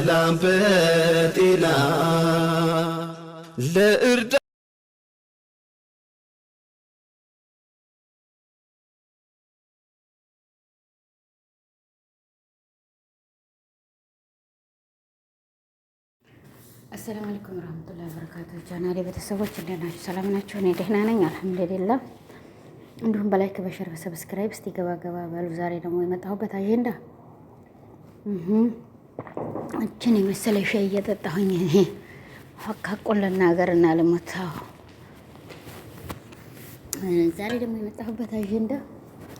በሰላም በጤና ለእርዳ አሰላሙ አለይኩም ረህመቱላሂ ወበረካቱ። ቻናሌ ቤተሰቦች እንዴት ናችሁ? ሰላም ናችሁ? እኔ ደህና ነኝ አልሐምዱሊላህ። እንዲሁም በላይክ በሸር በሰብስክራይብ እስቲ ገባ ገባ በሉ። ዛሬ ደግሞ የመጣሁበት አጀንዳ እችን የመሰለ ሻይ እየጠጣሁኝ እኔ ፈካቁን ልናገር እና ልሞት። ዛሬ ደግሞ የመጣሁበት አጀንዳ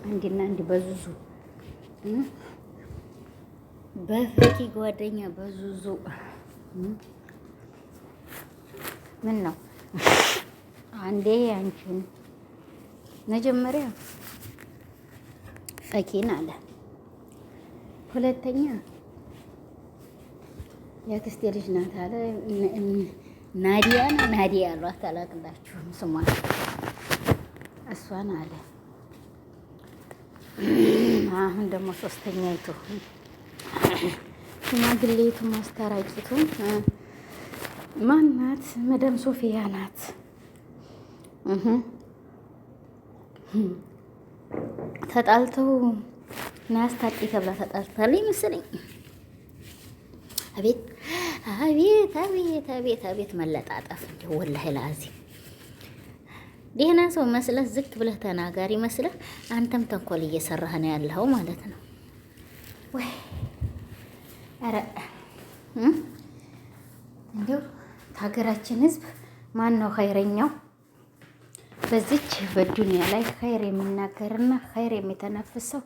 አንድና አንድ በዙዙ በፈኪ ጓደኛ በዙዙ ምን ነው አንዴ አንቺን መጀመሪያ ፈኪን አለ ሁለተኛ የአክስቴ ልጅ ናት አለ ናዲያ ነው ናዲያ ያሏት አላቅላችሁም ስሟን እሷን አለ። አሁን ደግሞ ሶስተኛ ይቱ ሽማግሌቱ ማስታራቂቱ ማናት? መደም ሶፊያ ናት። ተጣልተው ናያስታቂ ተብላ ተጣልታለች መሰለኝ አቤት አቤት አቤት አቤት አቤት መለጣጠፍ እንዲሁ ወላሂ ለአዚም ደህና ሰው መስለህ ዝቅ ብለህ ተናጋሪ መስለህ አንተም ተንኮል እየሰራህ ነው ያለው ማለት ነው ወይ? ኧረ እንዲሁ ከሀገራችን ህዝብ ማን ነው ኸይረኛው? በዚች በዱንያ ላይ ኸይር የሚናገርና ኸይር የሚተነፍሰው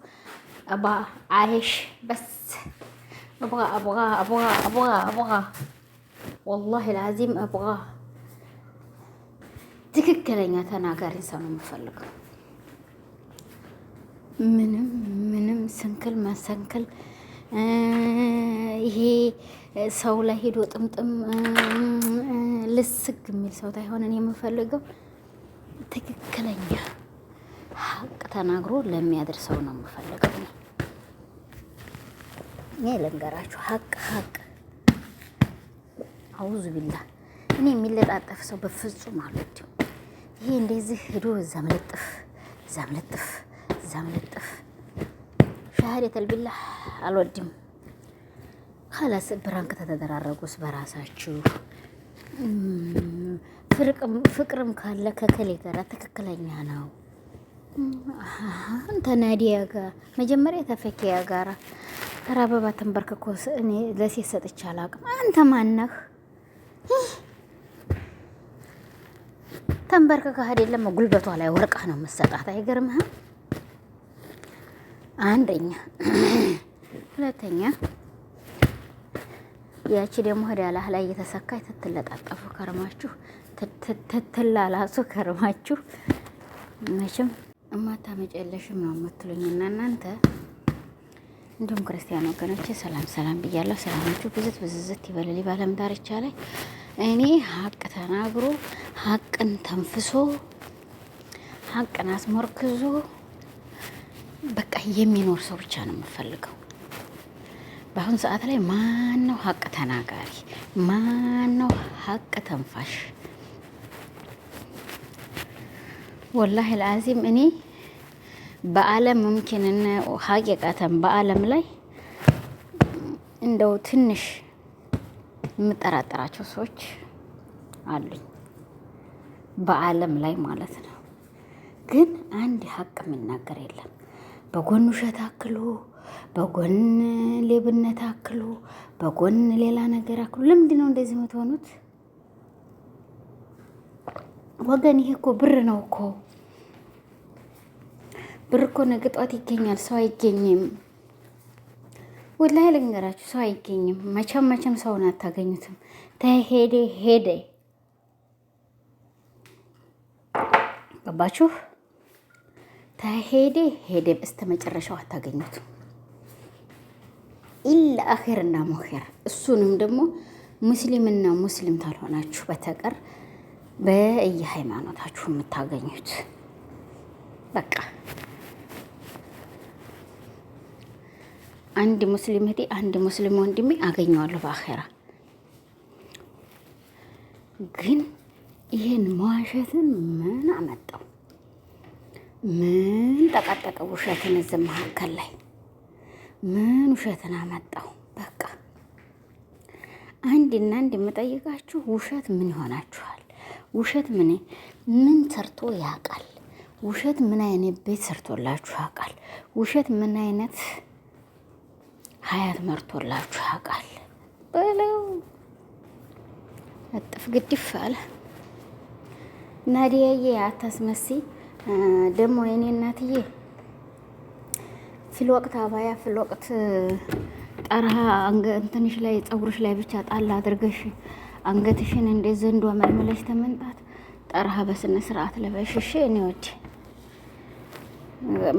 አባ አይሽ በስ أبغى أبغى أبغى أبغى أبغى ወላሂ ላዚም አብቃ ትክክለኛ ተናጋሪ ሰው ነው የምፈልገው። ምንም ምንም ስንክል መሰንክል ይሄ ሰው ላይ ሄዶ ጥምጥም ልስግ የሚል ሰው ታይሆንን የምፈልገው ትክክለኛ ሀቅ ተናግሮ ሰው ነው የምፈልገው። እኔ ልንገራችሁ ሀቅ ሀቅ አውዙ ቢላ እኔ የሚለጣጠፍ ሰው በፍጹም አልወድም። ይሄ እንደዚህ ሄዶ እዛም ልጥፍ እዛም ልጥፍ እዛም ልጥፍ ሻሃደተል ቢላ አልወድም። ካላስ ብራን ከተደራረጉስ በራሳችሁ ፍቅርም ካለ ከከሌ ጋር ትክክለኛ ነው። አንተ ናዲያ ጋር መጀመሪያ ተፈኪያ ጋራ ኧረ አበባ ተንበርክኮ እኔ ለሴት ሰጥቼ አላውቅም። አንተ ማነህ? ተንበርክከህ አይደለም ጉልበቷ ላይ ወርቃ ነው መሰጣት። አይገርምህም? አንደኛ ሁለተኛ ያቺ ደግሞ ህዳላህ ላይ እየተሰካይ ትትለጣጠፉ ከርማችሁ ትትላላሱ ከርማችሁ መቼም እማታመጪ መጨለሽም ነው የምትሉኝና እናንተ እንዲሁም ክርስቲያን ወገኖች ሰላም ሰላም ብያለሁ። ሰላማችሁ ብዝት ብዝዝት ይበልል። ባለም ዳርቻ ላይ እኔ ሀቅ ተናግሮ ሀቅን ተንፍሶ ሀቅን አስሞርክዞ በቃ የሚኖር ሰው ብቻ ነው የምፈልገው። በአሁን ሰዓት ላይ ማን ነው ሀቅ ተናጋሪ? ማን ነው ሀቅ ተንፋሽ? ወላሂ ለአዚም እኔ በአለም ሙምኪንን ሀቂቃተን በአለም ላይ እንደው ትንሽ የምጠራጠራቸው ሰዎች አሉኝ በአለም ላይ ማለት ነው። ግን አንድ ሀቅ የሚናገር የለም። በጎን ውሸት አክሎ፣ በጎን ሌብነት አክሎ፣ በጎን ሌላ ነገር አክሎ ለምንድን ነው እንደዚህ የምትሆኑት? ወገን ይሄ እኮ ብር ነው እኮ ብር እኮ ነገ ጧት ይገኛል። ሰው አይገኝም። ወላሂ ልንገራችሁ፣ ሰው አይገኝም። መቼም መቼም ሰውን አታገኙትም። ተሄደ ሄደ። ገባችሁ? ተሄደ ሄደ። በስተ መጨረሻው አታገኙትም። ኢላ አኼር እና ሞኼር እሱንም ደግሞ ሙስሊምና ሙስሊም ታልሆናችሁ በተቀር በየሃይማኖታችሁ የምታገኙት በቃ አንድ ሙስሊም እህቴ አንድ ሙስሊም ወንድሜ አገኘዋለሁ በአኼራ። ግን ይህን መዋሸትን ምን አመጣው? ምን ጠቃጠቀ ውሸትን እዚህ መካከል ላይ ምን ውሸትን አመጣው? በቃ አንድና አንድ የምጠይቃችሁ ውሸት ምን ይሆናችኋል? ውሸት ምን ምን ሰርቶ ያውቃል? ውሸት ምን አይነት ቤት ሰርቶላችሁ ያውቃል? ውሸት ምን አይነት ሀያት መርቶላችሁ ያውቃል በለው እጥፍ ግድፍ አለ። ናዲያዬ አታስመሲ ደግሞ የኔ እናትዬ ፊልወቅት አባያ ፊልወቅት ጠርሃ እንትንሽ ላይ ጸጉርሽ ላይ ብቻ ጣል አድርገሽ አንገትሽን እንደ ዘንዶ መልመለሽ ተመንጣት ጠርሃ በስነ ስርዓት ለበሽሽ እኔ ወዴ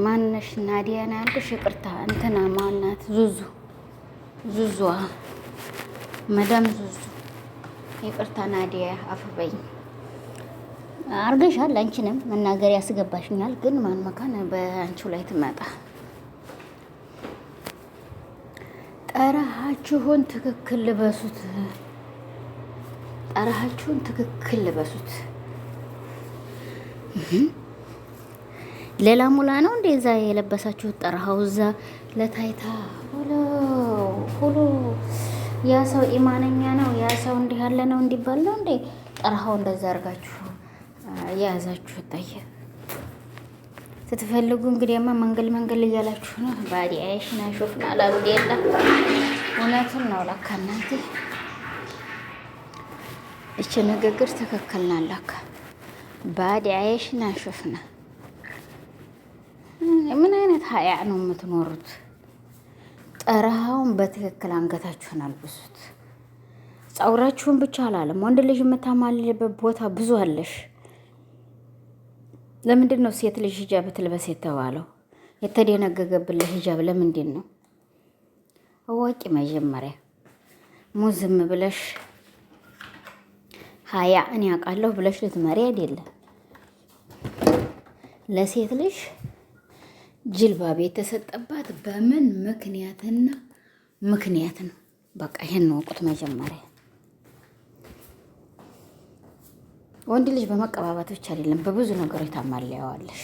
ማነሽ ናዲያ ነው ያልኩሽ? ይቅርታ እንትና ማናት? ዙዙ ዙዙ መዳም ዙዙ። ይቅርታ ናዲያ አፍበኝ አርገሻል። አንቺንም መናገር ያስገባሽኛል፣ ግን ማን መካን በአንቺው ላይ ትመጣ። ጠረሃችሁን ትክክል ልበሱት። ጠረሃችሁን ትክክል ልበሱት። ሌላ ሙላ ነው እንዴ? እዛ የለበሳችሁት ጠርሃው እዛ ለታይታ ሁሎ ሁሎ ያ ሰው ኢማነኛ ነው፣ ያ ሰው እንዲህ ያለ ነው እንዲባል ነው እንዴ? ጠርሃው እንደዛ አድርጋችሁ የያዛችሁት ታየ። ስትፈልጉ እንግዲህማ መንገል መንገል እያላችሁ ነው። ባዲ አይሽና ሾፍና ላሉድ የለ እውነቱን ነው ላካ። እናንተ እች ንግግር ትክክል ናላካ። ባዲ አይሽና ሾፍና ምን አይነት ሀያ ነው የምትኖሩት? ጠረሃውን በትክክል አንገታችሁን አልብሱት። ፀጉራችሁን ብቻ አላለም። ወንድ ልጅ የምታማልልበት ቦታ ብዙ አለሽ። ለምንድን ነው ሴት ልጅ ሂጃብ ትልበስ የተባለው? የተደነገገብልህ ሂጃብ ለምንድን ነው? አዋቂ መጀመሪያ ሙዝም ብለሽ ሀያ እኔ ያውቃለሁ ብለሽ ልትመሪ አይደለም ለሴት ልጅ ጅልባብ የተሰጠባት በምን ምክንያትና ምክንያት ነው? በቃ ይሄን ወቁት። መጀመሪያ ወንድ ልጅ በመቀባባት ብቻ አይደለም በብዙ ነገሮች ታማለያዋለሽ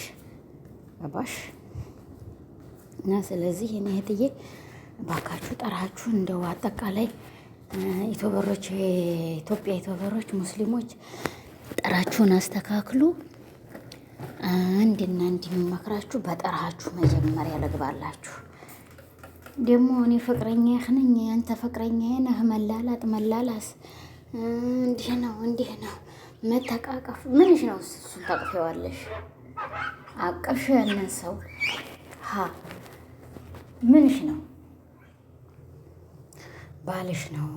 ገባሽ? እና ስለዚህ እኔ እህትዬ ባካችሁ ጠራችሁ እንደው አጠቃላይ ኢትዮጵያ ኢትዮበሮች ሙስሊሞች ጠራችሁን አስተካክሉ። አንድና አንድ የሚመክራችሁ በጠራችሁ መጀመሪያ ልግባላችሁ። ደግሞ እኔ ፍቅረኛ ይህንኝ ያንተ ፍቅረኛ ነህ መላላጥ መላላስ እንዲህ ነው እንዲህ ነው መተቃቀፍ ምንሽ ነው? እሱን ታቅፌዋለሽ አቀፍሽ ያንን ሰው ሀ ምንሽ ነው? ባልሽ ነው፣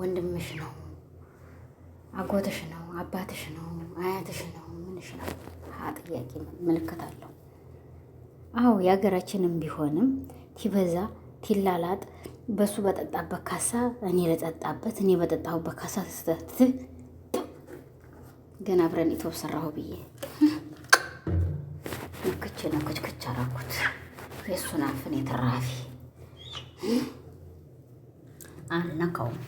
ወንድምሽ ነው፣ አጎትሽ ነው፣ አባትሽ ነው፣ አያትሽ ነው፣ ምንሽ ነው? ጥያቄ ምልክት አለው። አዎ የሀገራችንም ቢሆንም ቲበዛ ቲላላጥ በሱ በጠጣበት ካሳ እኔ ለጠጣበት እኔ በጠጣሁበት ካሳ ስተት ግን አብረን ኢትዮ ሰራሁ ብዬ ነክቼ ክች አረኩት የእሱን አፍን የትራፊ አልነካውም።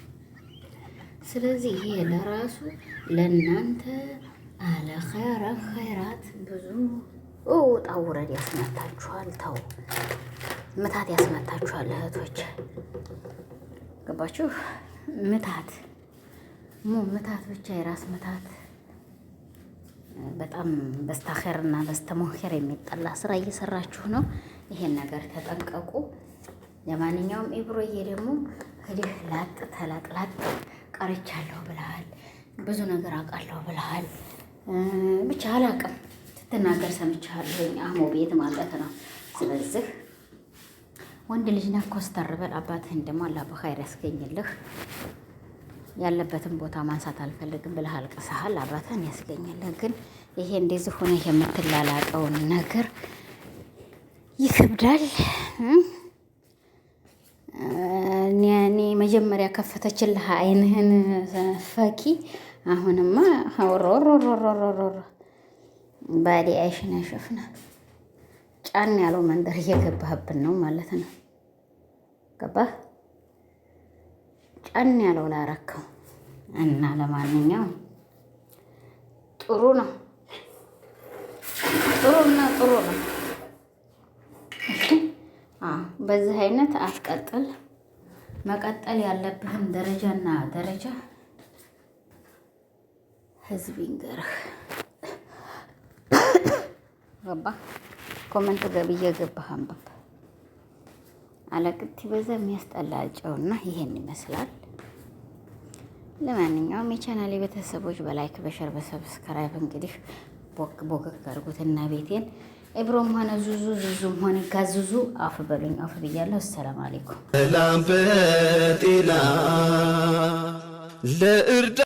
ስለዚህ ይሄ ለራሱ ለእናንተ አለኸረ ኸይራት ብዙ ውጣ ውረድ ያስመታችኋል። ተው ምታት ያስመታችኋል እህቶች፣ ገባችሁ? ምታት ሙ ምታት ብቻ የራስ ምታት በጣም በስተኸር እና በስተሞንከር የሚጠላ ስራ እየሰራችሁ ነው። ይሄን ነገር ተጠንቀቁ። ለማንኛውም ኢብሮዬ ደግሞ እንግዲህ ላጥ ተላቅላጥ ላጥ ቀርቻለሁ ብለሃል፣ ብዙ ነገር አውቃለሁ ብለሃል። ብቻ አላቅም ስትናገር ሰምቻለሁኝ። አሞ ቤት ማለት ነው። ስለዚህ ወንድ ልጅ ነህ ኮስተር በል። አባትህን ደግሞ አላህ በኸይር ያስገኝልህ። ያለበትን ቦታ ማንሳት አልፈልግም ብለህ አልቅሰሃል። አባትህን ያስገኝልህ። ግን ይሄ እንደዚህ ሆነ የምትላላቀውን ነገር ይከብዳል። እኔ መጀመሪያ ከፈተችልህ አይንህን ፈኪ አሁንማ ወሮሮሮሮሮሮ ባዲ አይሽን ያሸፍና ጫን ያለው መንደር እየገባህብን ነው ማለት ነው። ገባህ ጫን ያለው ላረከው እና ለማንኛውም ጥሩ ነው ጥሩና ጥሩ ነው። በዚህ አይነት አትቀጥል። መቀጠል ያለብህን ደረጃና ደረጃ ህዝብ ይንገርህ። ገባ ኮመንት ገብዬ ገባህ አንብብ። አለቅት በዛ የሚያስጠላ ይሄን ይመስላል። ለማንኛውም የቻናሌ ቤተሰቦች በላይክ በሸር በሰብስክራይብ እንግዲህ ቦክ ቦክ አድርጉትና ቤቴን ኤብሮም ሆነ ዙዙ ዙዙም ሆነ ጋዙዙ አፍ በሉኝ። አፍ ብያለሁ። አሰላም አለይኩም። ሰላም በጤና ለእርዳ